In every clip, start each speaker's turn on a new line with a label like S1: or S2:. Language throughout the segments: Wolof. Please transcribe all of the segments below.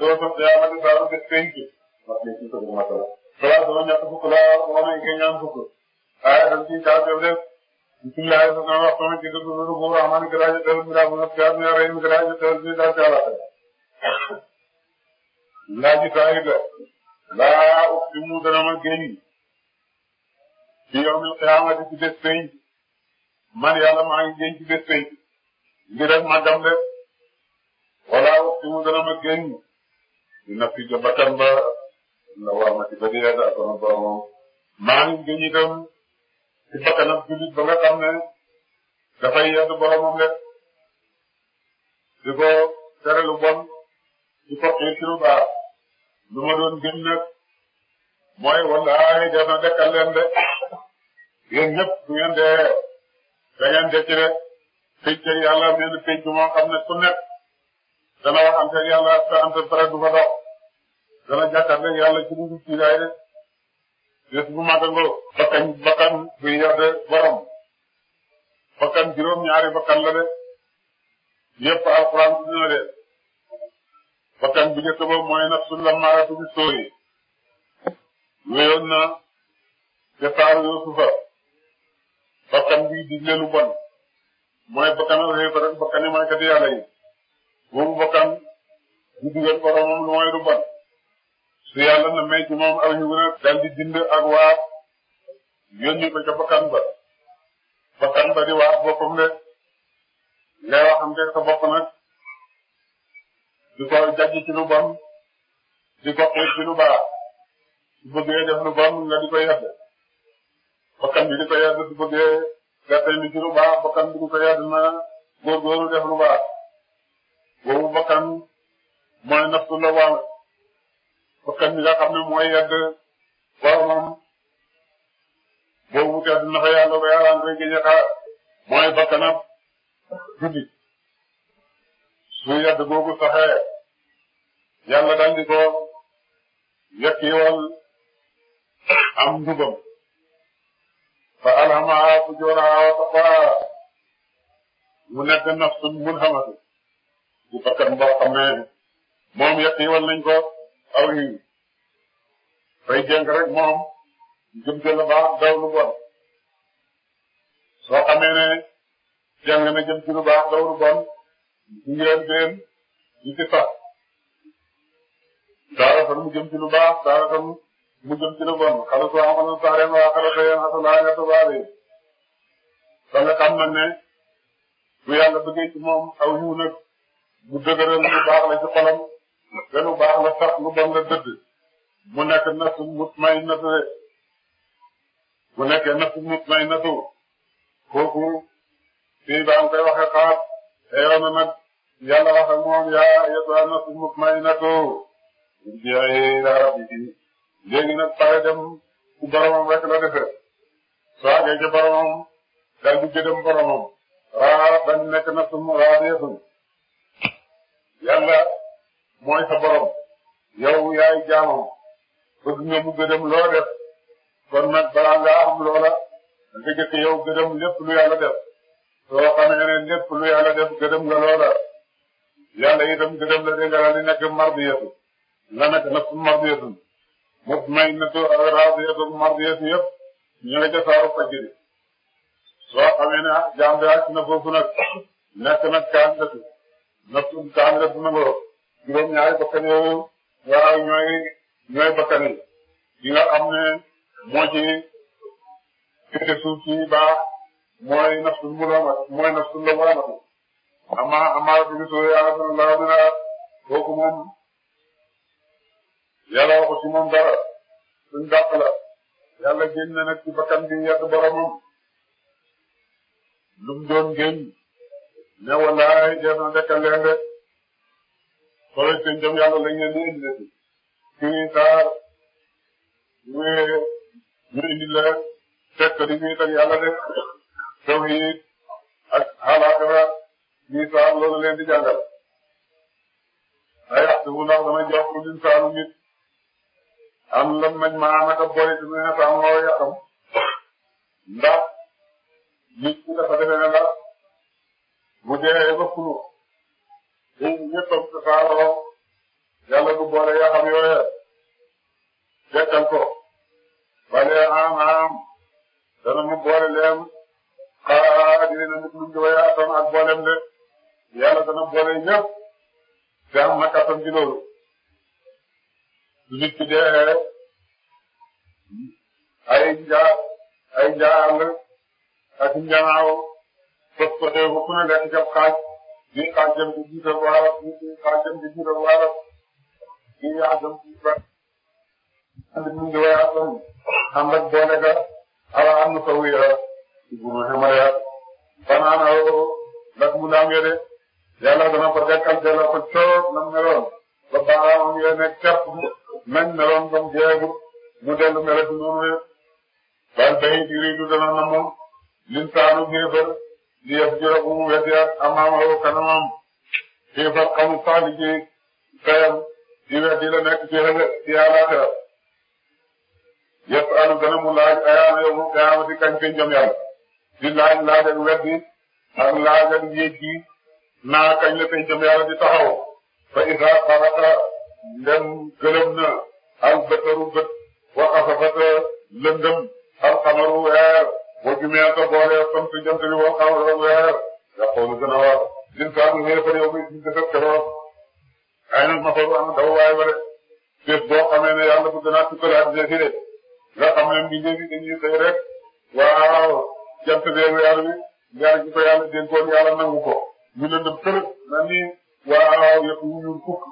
S1: soo ko yaa ngi saa rafet penk wax dëgg ci sëñ Matala. balaa sama ñett fukk laa war a nga ñaan fukk. waaye dañ ciy caaféew def. bisimilah sa sama waxtu ma ci dëgg bu dugg bu rahmaani garaaj a tëral bi daa mun a jaar ñu rey mi garaaj a tëral bi daa caa laata. laaj it saa yu bëri. laa ut si mu dana ma génn. ci yow mi xiyaamati ci bés penk. man yàlla maa ngi génn ci bés penk. ngir rek ma dem de. wala ut si mu dana ma génn. dina fi jëmba tamba la war na ci ba di rëdd ak sama borom. maa ngi gëñ itam ci bakkanam ba nga xam ne dafay yedd boromam rek di ko tere lu bon di ko xëy ci lu baax lu ma doon gën nag mooy wallaahi def na dekkal leen de yéen ñëpp su ngeen dee da ci rek pécc yàlla mel ni pécc xam ne ku dana waxanteeg yàlla te am te pare du ko dox dana yàlla ci dugub ji daay de bés bu màggandoo. bakkan bakkan buy yor de borom bakkan juróom-ñaari bakkan la de yépp alxuraan bi dina de bakkan bi njëkk ba mooy nafsul ammaaratu bi sooyi. wéyoon na ca saaru Yuusufa bakkan bi digle lu bon mooy bakkan ak réew ba rek bakkani yàlla yi. boobu bakkan bu dugal boromam lu mooy lu su yàlla na may moom aw xiw rek dal dind ak waar yónni ko ca ba bakkan ba di waar boppam de ngay waxante sa bopp nag di ko jàjj ci lu di ko ci lu baax su bëggee def lu nga di ko yedd bakkan bi di ko yedd su bëggee gàttay mi ci lu baax bi di ko yedd na góorgóorlu def lu boobu bakkan mooy naftu la waa bakkan bi nga ne mooy yedd boromam boobu tedd na fa yàlla ba yàlla nga koy génne xaar mooy bakkanam guddi su yedd googu saxee yàlla daal di am ndubam fa alhamaha fujuraha wa taqwaha mu nekk naftu mulhamatu bu fekkoon boo xam ne moom yàq yi wan nañ ko aw yi fay rek moom jëm ca baax daw lu bon soo xamee ne jëng na jëm ci lu baax daw lu bon ngeen leen ñu ci sax daara fan mu jëm ci baax daara fan mu jëm ci lu bon xale soo amoon na sax ren waa xale sa yéen xasalaa nga tubaab yi nga xam ne bu yàlla bëggee moom aw yiw bu dëgëral lu baax la ci xolam te lu baax la sax lu bon la dëdd mu nekk nafsu mutmainnatu de bu nekkee nafsu mutmainnatu kooku fii ba am koy waxe xaat te yow nag yàlla waxe moom yaa ayyatuha nafsu mutmainnatu irji'i ila rabbiki léegi nag pare dem ku boromam rek la defe soo àggee ca boromam dal di gëdëm boromam raa dañ nekk nafsu raadiyatun yàlla mooy sa borom yow yaay jaamam bëgg nga mu gëdëm loo def kon nag balaa nga am loola nga jëkk yow gëdëm lépp lu yàlla def soo xamee ne lépp lu yàlla def gëdëm nga loola yàlla itam gëdëm la de nga la di nekk mardiyatu la nekk nafsu mardiyatu mutmainatu ak radiyatu mardiyatu yëpp ñu nga ca saaru fajiri soo xamee ne jaam bi àcc na foofu nag nekk naftum kaamila bu nangoo juróom-ñaari bakkan yooyu waaw ñooy ñooy bakkan yi xam ne moo ci féete suuf si baax mooy naftul mulaama mooy naftul lawaamatu amma amma bi soo yàlla sunu laa dina kooku moom yàlla waxu ci moom la yàlla na nag bakkan bi yàgg boromam lu mu doon ne wallaay jeex na dekkal leen de soo seen jëm yàlla leen di indi leen ki ñuy xaar ñu ñu di ñuy yàlla de tawhid ak xalaatara ñuy xaar leen di jàngal ay waxtu bu ndax dana jox lu ñu saaru nit am lam mañ maa naka boy ndax nit ki dafa defee ne la mu dee ba funu ñun ñëpp a tasaaroo yàlla du boole yoo xam yooya dekkal ko bale am am dana mu boole leen xaaral dina nit ñi di wéyaatoon ak booleem de yàlla dana boole ñëpp te am na kattan ci loolu nit ki dee ay nja ay njaar ak njaaw. bés bu dee ba ku ne lekk jàpp xaaj bii xaaj jëm di jiite bu aar bii xaaj jëm di jiite bu aar bii yaa jëm di ba. am na ñu ngi lay asoon am na boole ga ala am na taw ya ci guddi sama yaay. banaan awoo ndax mu daam yére
S2: yàlla dana ko dekkal delloo ko
S1: coow na mu meloon ba baaraam am yéen a képp nañ meloon ba mu jeexagul mu dellu melati noonu la. daal béy ci riitu dana na moom liñ saanu ñëw ba. li yëf jërëb mu wete ak amaamaw kanamam xiifal xamu faali ci fayam di wet la nekk ci xële ci àllaaxira yëpp alu gën a mu laaj ayaana yow mu kaamati kañ fi njëm yàlla di laaj laaj ak weddi ak laaj ak yéeg gi naa kañ la fi njëm yàlla di taxaw fa isaa xarata ndem gëlëm na al bëtaru bët wa xasafata lëndëm al xamaru weer wajju mi ata boole sant jant bi wal xamar ak weer nga xool gën a war din kaa ngi xëy fa ay ma faru ana daw waay ba boo xamee ne yàlla bu gën a tukkal àddina fi de nga xam ne mbindee bi dañuy xëy rek waaw jant bee weer bi ñaar gi ko yàlla dénkoon yàlla nangu ko ñu lëndëm tërëg na ni waaw yëpp yu fukk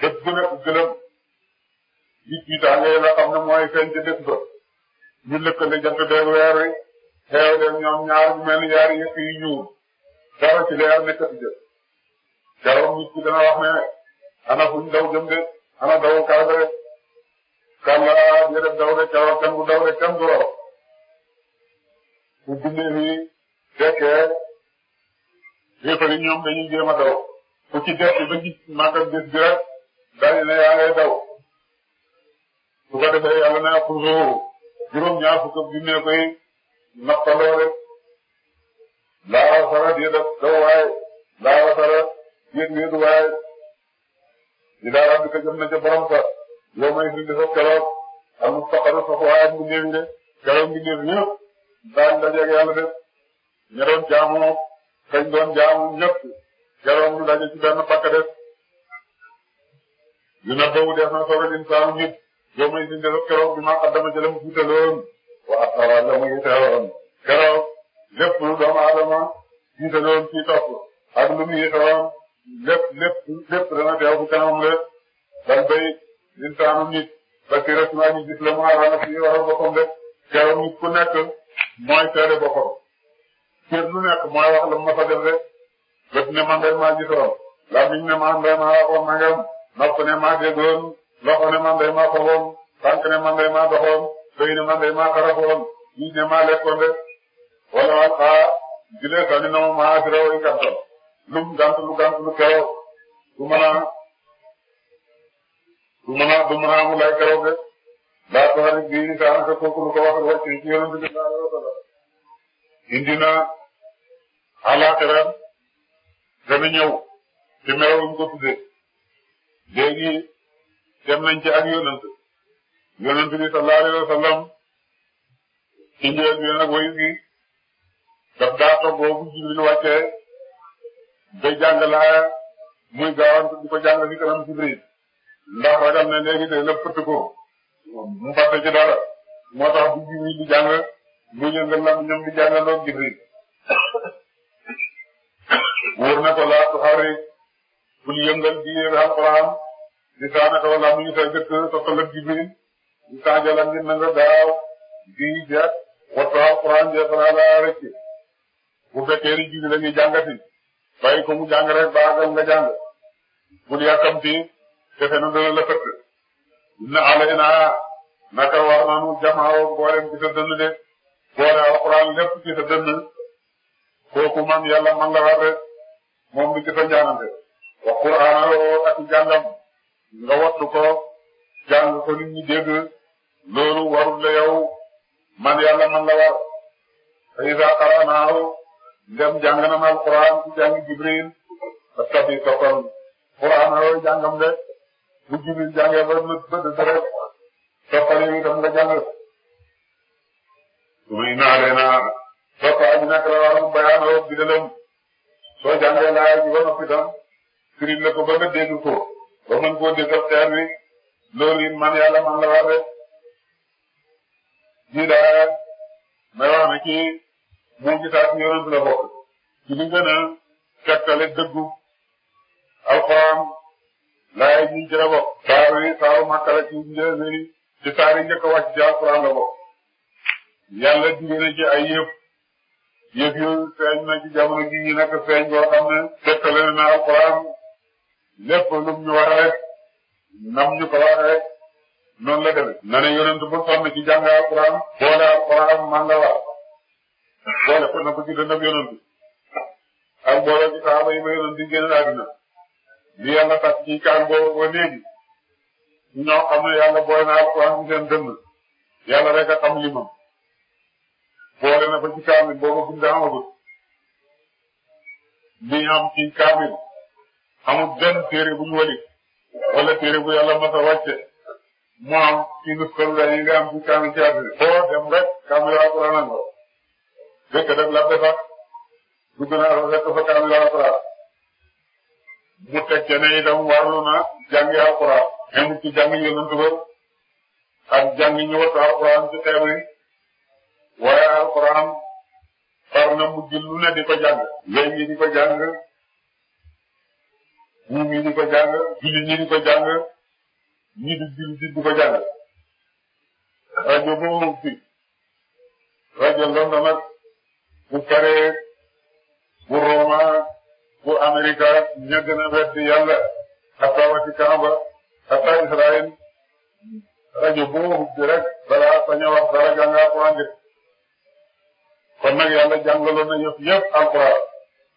S1: bés bu nekk gëlëm yi tiitaange la xam ne mooy feeñ ca dëkk ba ñu lëkkale jant beeg weer wi ñoom ñaar mu mel ni ñaari yëpp yu ñuul dara ci leer nekkati jë keroog nit ki dana wax ne ana fu daw jëm de ana daw kàlla rek kàlla ñu daw rek keroog kenn bu daw rek kenn du raw bu bindee fii dekkee yëppali ñoom dañuy jéem a daw ku ci dekk ba gis màggal gis bi rek dañu ne yaa ngay daw su ko defee yàlla na xuzuuru juróom ñaar fukk ak junne koy nappaloo rek sara di def daw waaye laawa sara yéeg wéedu waaye di daa rabbi ka jëm na ca borom sa yow may fi di sa keroog al mustaqaru sa waaye ak mbindeef yi de keroog mbindeef ñëpp daañ dajeeg yàlla def ña doon jaamu kañ doon jaamu ñëpp keroog ñu ci benn pakk def yu na bawu def na soobal insaanu nit yow may dindi la keroog bi ma xaddama ci la mu fuutaloon wa asara la mu yiteewoon keroog lépp lu doomu aadama jiitaloon ci topp ak lu mu yiteewoon lépp lépp lépp dana teew fu kanamam rek dal bay insaanu nit ba ci rek maa ngi gis la mu aadama ci waral boppam rek keroog nit ku nekk mooy seede boppam kër lu nekk mooy wax la mu mas a def rek bët ne man de maa gisoon laa biñ ne man de maa waxoon nangam nopp ne maa déggoon loxo ne man day maa foxoon tànk ne man day maa doxoon bëy ne man day maa xarafoon ñi ne maa lekkoon de wala wal xaa jilee sani na mu maa sira way gàntal lum lu gànt lu keroog du mën a du mën a du mën a amul ay keroog de daa toxari bii ka am sa kooku lu ko wax wàcc ci yonent bi sallallahu alayhi wa sallam indi na alaxira dana ñëw ci melawum ko tudde léegi dem nañ ci ak yonent yonent bi sallallahu alayhi wa sallam ci njël bi nag gi daf daa toggoo bu Jibril wàccee day jàng laaya muy gaawantu di ko jàng ci kanam Jibril ndax ragal na léegi te lépp fëtt ko mu fàtte ci dara moo tax bu Jibril di jàng mu yëngal la ñoom di jàngandoo Jibril wóor na ko laa tuxarrik bul yëngal biir Alxuraan li saa ne ko ndax mi ngi fay na nga gaaw di jeex waxtu waa Quraan jeex naa laa rëcc bu fekkee ni Jibril la ñuy jàngati bàyyi ko mu jàng rek baagal nga jàng bul na dana la fëtt. na alaynaa naka war nañu jamaaw boolem ci sa dënn kooku man yàlla man la rek moom du ci sa njaanante wa Quraan ak jàngam. nga wattu ko jàng ko nit dégg loolu warul la yow man la war fa iza qaranaahu ndem jàng na ma alquran ci jàng jibril fastabi toppal quran yooyu jàngam de bu jibril jàngee ba mu bëgg sa rek toppal yi itam nga jàng sumay naaree naa soppa aji nekk la waram bayaanoo bidalam soo jàngee laaya ji ba noppi tam firil la ko ba nga dégg ko ba mën koo déggal xeer wi loolu it man yàlla man la war rek kii daal may wax ne kii moom ci saa si yonent la bokk ci li gën a fekkale dëggu alxuraan laay ñi ci la bokk saar wi saaru Makka la ci njëlbéen ci saar yi njëkk a wàcc ci alxuraan la bokk yàlla digé na ci ay yëf yëf yooyu feeñ na ci jamono gi ñu nekk feeñ boo xam ne fekkale na alxuraan lépp lum ñu war rek nam ñu ko war rek noonu la demee. na ne yonent bu sonn ci jàng alquran. boole alquran man la war boole ko na ko ci dëndam yonent ak boole ci saaba yi ba yonent di génn àddina li yàlla tax ci kaan boobu ba léegi ñoo xam ne yàlla boole na alquran ci seen dënd yàlla rek a xam limam boole na ko ci kaamil boobu buñ daan amagut li ñu am ci kaamil amul benn téere bu ñu wali wala téere bu yàlla mas a wàcce mu am ci lu toll dañuy nga am ci kaami ci àddina boo dem rek kaami yor alquran nga dëkk def la defar dugg naa rafet fa kaami yor alquran mu teg ca ne itam warlu na jàngi alquran même ci jàngi yonent ba ak jàngi ñu wattu alquran ci xeer yi waaye alquran far na mujj lu ne di ko jàng léegi di ko ñii ñii di ko jàng julli ñii di ko jàng ñii di julli rajo boobu fi rajo London nag bu Paris bu Roma bu Amérique ña gën a wedd xataa wa ci xataa Israël rajo boobu fi rek balaa bañ a wax dara jàng alxuraan kon na yëpp yëpp alxuraan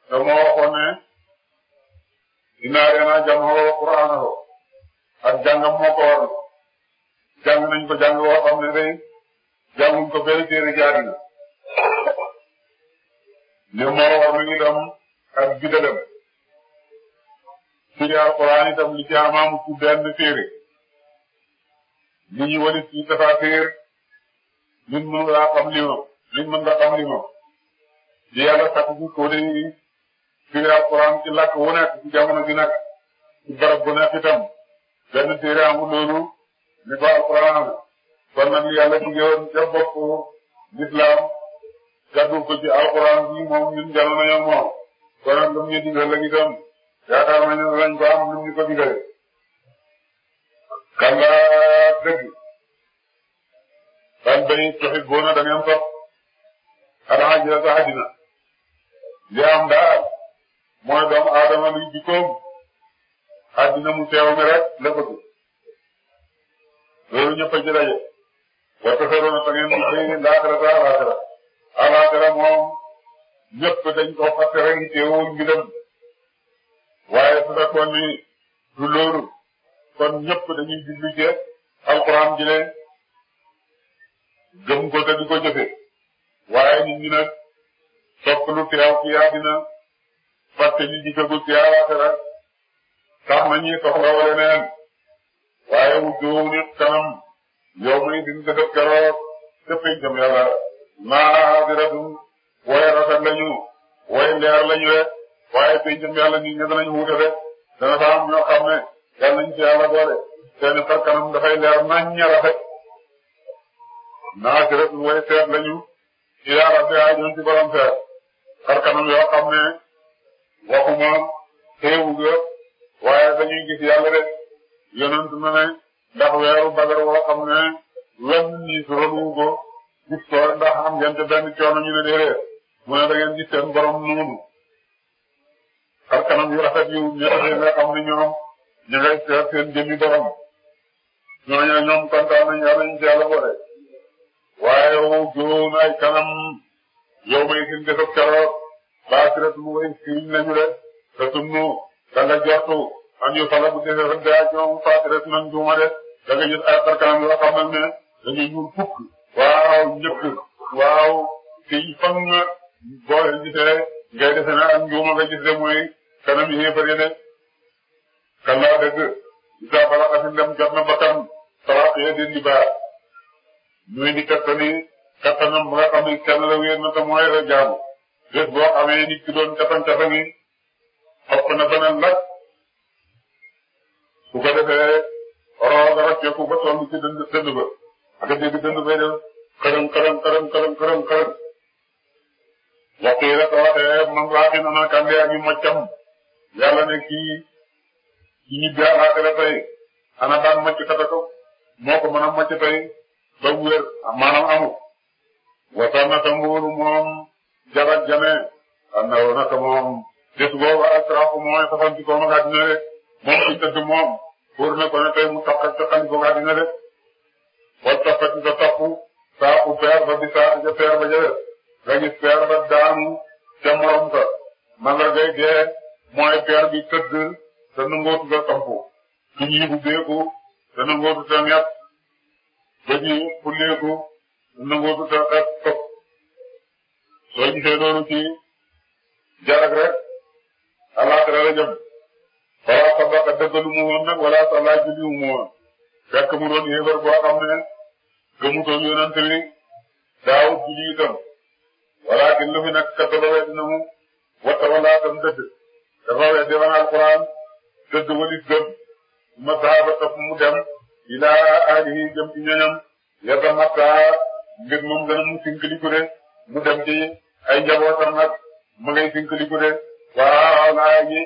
S1: te dinaa reenaa jàngoo quraanoo ak jàngam moo ko waral jàng nañ ko jàng woo xam ne day jànguñ ko benn téere jaari na li moo waral itam ak bidalam ci alquran itam li ci amaamu ku benn téere li ñu walit ci tafasir min mën nga xam li ma liñ mën xam li ma li yàlla sakku ko de firi alquran ci làkk wu nekk ci jamono ju ci barab bu nekk itam benn téere amul loolu li ko alquran am kon nag yàlla diggoon ca bopp lislaam gàddu ci alquran bi moom ñun jàll nañoo moom kon nag mu ñu digal léegi itam yaakaar nañu ne lañ ko am lu ñu ko digalee kan la dëgg kan bay tuxibbuuna da ngeen topp alxajira sa àddina li am daal mooy doomu aadama luy jikkoom àddina mu teewame rek la loolu ñëpp a ci daje waxtu xëy na da ngeen di béy laaxira ba laaxira alaaxira moom ñëpp dañ ko fàtte rek teewul ñu dem waaye su fekkoon du loolu kon ñëpp dañuy jublu ci alxuraan ji ne gëm ko te jëfe waaye nit ñi nag sopp lu teew ci àddina parce que ñu gisagul ci àllaaxira tax na ñuy soxla wala neen waaye wu góob nit kanam yow mii di nga def keroog te pencam yàlla naadiratun way rafet lañu way leer lañu rek waaye pencam yàlla ñun ñëpp nañu wuute rek dana fa am ñoo ci yàlla doole seen par kanam dafay leer naññ rafet naadiratun way seet lañu kanam yoo waxuma teewu ga waaye dañuy gis yàlla rek yonent na ne ndax weeru Badar woo ne wenn nii su ronu ko gis ko ndax am ngeen te benn coono ñu ne déedéet mu ne da ngeen gis seen borom noonu kanam yu rafet yu ñeexee xam ne ñu ngay seet seen jëmmi borom ñooñu ne ñoom kontaan ñu ci waaye yow joon kanam yow may sin desog baasirat mu ngi firi nañu rek te sunu da nga jortu am yu fala bu defee rek daa ñoom faatirat man juuma de da nga gis ay parkanam yoo xam ne dañuy ñuul fukk waaw ñëpp nga boo leen gisee ngay dese na am njuuma nga gis de mooy kanam yi xeefari de kan laa dëgg isa bala xasin dem jot na bakkan salaat yee di libaa ñuy di kattani kattanam ba bés boo xamee nit ki doon cafan xopp na beneen nag su ko defee roog rocceeku ba toll ci dënd dënd ba ak dégg dënd bay def xërëm xërëm xërëm xërëm xërëm xërëm waxtu yi rek waxee man laa xi nana kande ak yu moccam yàlla ne kii ci ñi jaaraatale tey ana daan mocc kata ko moo ko mën a mocc ba wér maanaam amul waxtaan na tambuuru moom jabat jame am na woon moom bés boobu asrafu mooy saxoon ci koom ak àddina rek moom ci tëdd moom pour ne ko ne tey mu toqal toqal ko rek wal toppati sa topp saaku peer ba bi ja peer ba jële nga gis peer ba daanu ca morom ka mandargay dee mooy peer bi tëdd te nangootu nga sampu suñ yi bu beeku te nangootu ba ji bu leeku nangootu te xet topp soo gisee noonu ci jarak rek alaxira la jëm wala sabaka dëggalu mu woon nag wala sa laaj bi mu woon fekk mu doon yéefar boo xam ne gëmutoon yonent bi daaw julli itam walakin lu fi nag kataba wet na mu wata wala tam dëdd dafa weddi wan alquran dëdd wali gëm ma saaba taf mu dem ilaa alihi jëm ci ñoñam yata matta ngir moom gën a mu sinkali ku de mu dem ci ay njabootam nag ma ngay sinkaliku de waaw laaya ji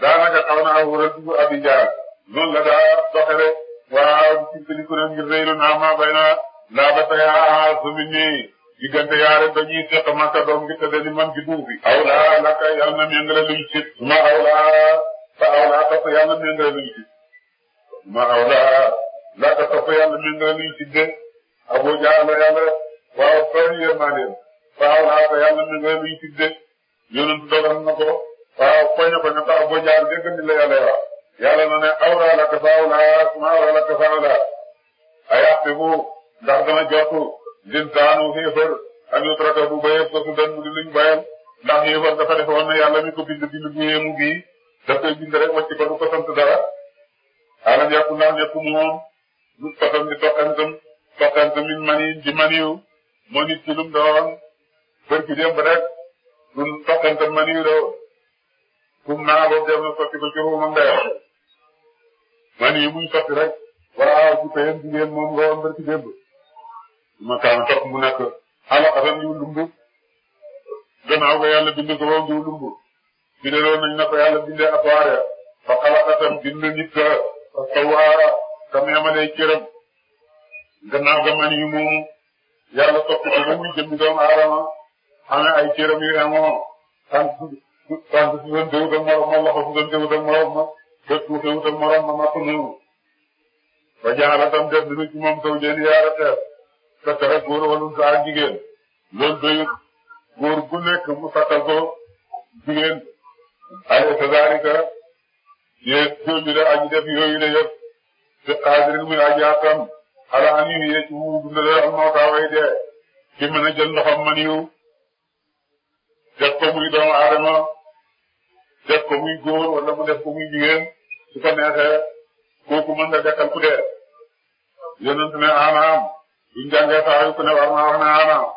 S2: daanaka xaw na awural
S1: dugg abi jaar noonu la daa doxe de waaw di rëylu naa ma bay naa laa ba tey aa sumi nii diggante ba ñuy seq maka doom ngi tëdda man ci duufi awlaa laka yàlla na méngale luñ sit suma awlaa fa awlaa topp yàlla na méngale luñ sit suma awlaa laka topp yàlla méngale luñ sit de aboo waaw waaw te yàlla na nga muy tudde yonent dogal na ko waaw koy na ko ne tax boo jaar dégg ni la yàlla wax yàlla na ne awra la ka saawla maara la ka saawla ayaxte bu ndax dana jottu din taanu xéefar am yutraka bu bayeef ko sudan mu di luñ bayal ndax xéefar dafa defoon ne yàlla mi ko bind bind bu yéemu bii daf koy bind rek wàcc ko du ko sant dara alam yàqu ndax nekk moom lu patam di toqantam toqantam min maniin di maniw moo nit ci lum doon bërki démb rek ñun toqante maniyu la tum naa boobu dem na sotti ko ci ruuma mbéyam man yi muy sotti rek wala aar ci payam jigéen moom nga woon bërki démb ma kaan topp mu nekk xalaqatan yu lumbu gannaaw nga yàlla bind ko woon yu lumbu bindaloon nañ na ko yàlla bindee atoaria fa xalaqatan bind nit ka fa sawaara kam yamalee cëram gannaaw ga man yi moomu yàlla soppi ko ba muy jëmmi doomu aadama xanaa ay cëram yu amoo tant tant su doon déwut ak morom ma loxo su doon déwut ak morom ma bët su déwut ak morom ma napp nañu ba jaxala tam def nañu ci moom taw jën yaara teer fekkere góor walum sa ak jigéen loolu doyut góor gu nekk mu sakkal ko jigéen ay tasaarika yéen jooju de aji def yooyu de yëpp te xaadirin muy aji atam ala an yu yee ci wu dundale al mawta way dee ci mën a jël ndoxam man yu def ko muy doomu aadama def ko muy góor wala mu def ko muy jigéen su ko neexee kooku mën na dekkal ku dee yonent ne aanaam duñ jàngee saa yu ku ne war naa wax ne aanaam